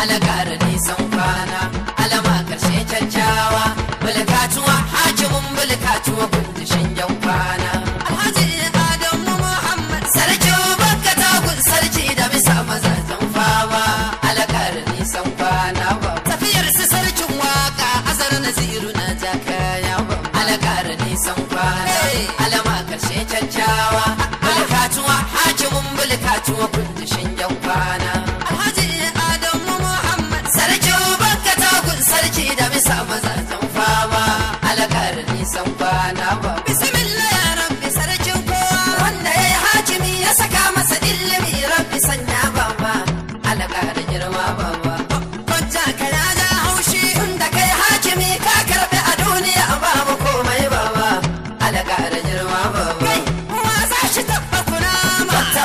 and I san kwana ba bismillah ya rabbi sarkin kowa wanda ya hakimi ya saka masa ilimi rabbi sanya baba alaka da girma baba kwanta kana da haushi inda kai hakimi ka karbi a duniya babu komai baba alaka da girma baba kai ma za shi tabba kuna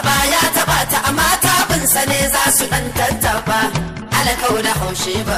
ma ya taba ta amma tabinsa ne za su dan tattaba alaka haushi ba.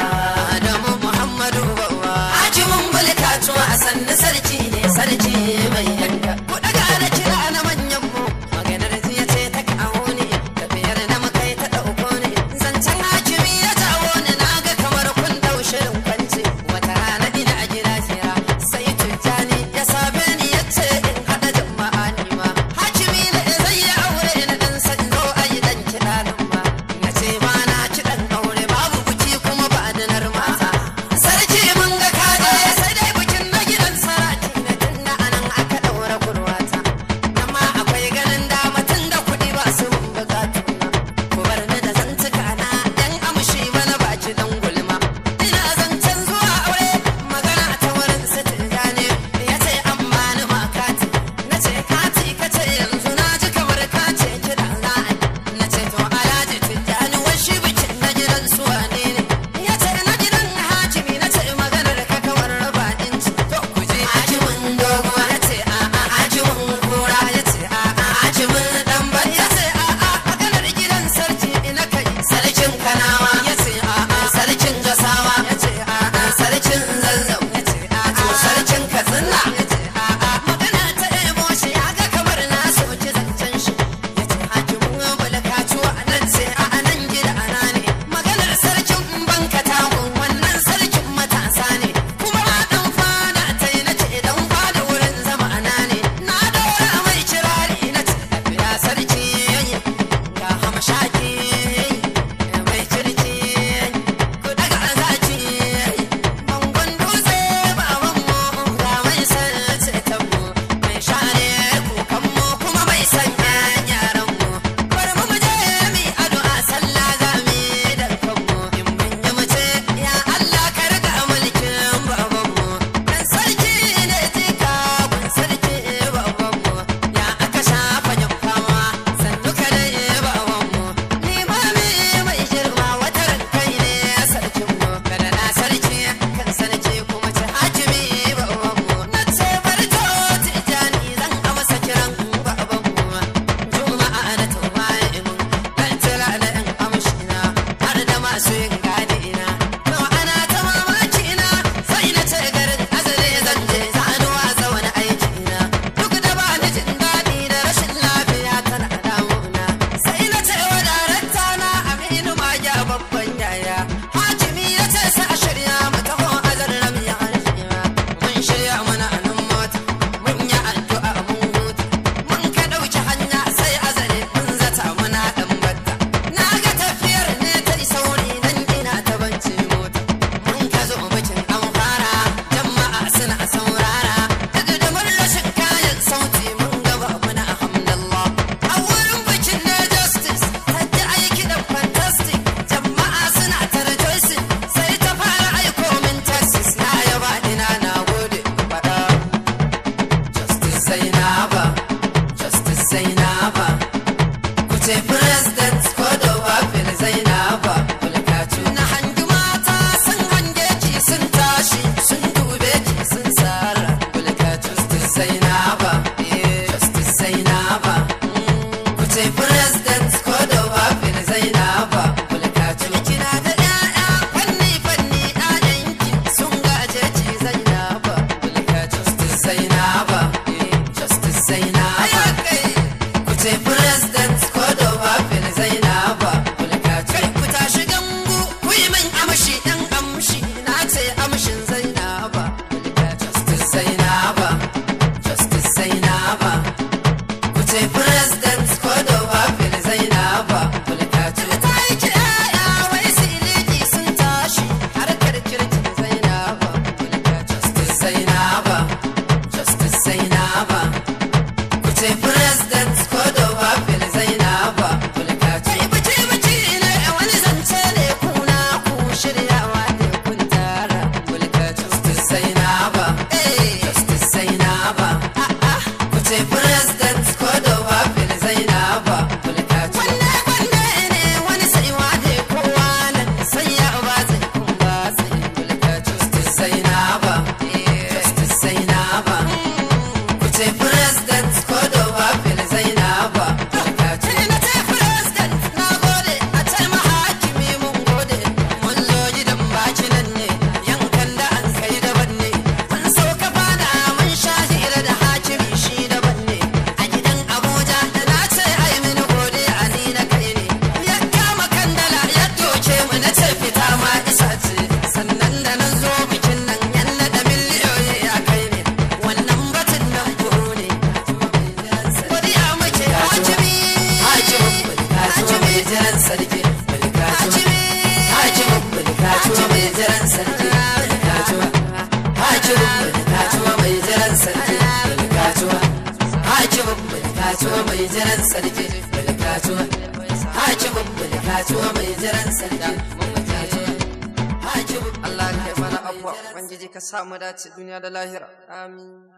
Sadece de mulkato mai jiran sarki mulkato hakimin mulkato mai jiran sarki Allah ya mana abuwa ubangiji ka samu dace duniya da lahira amin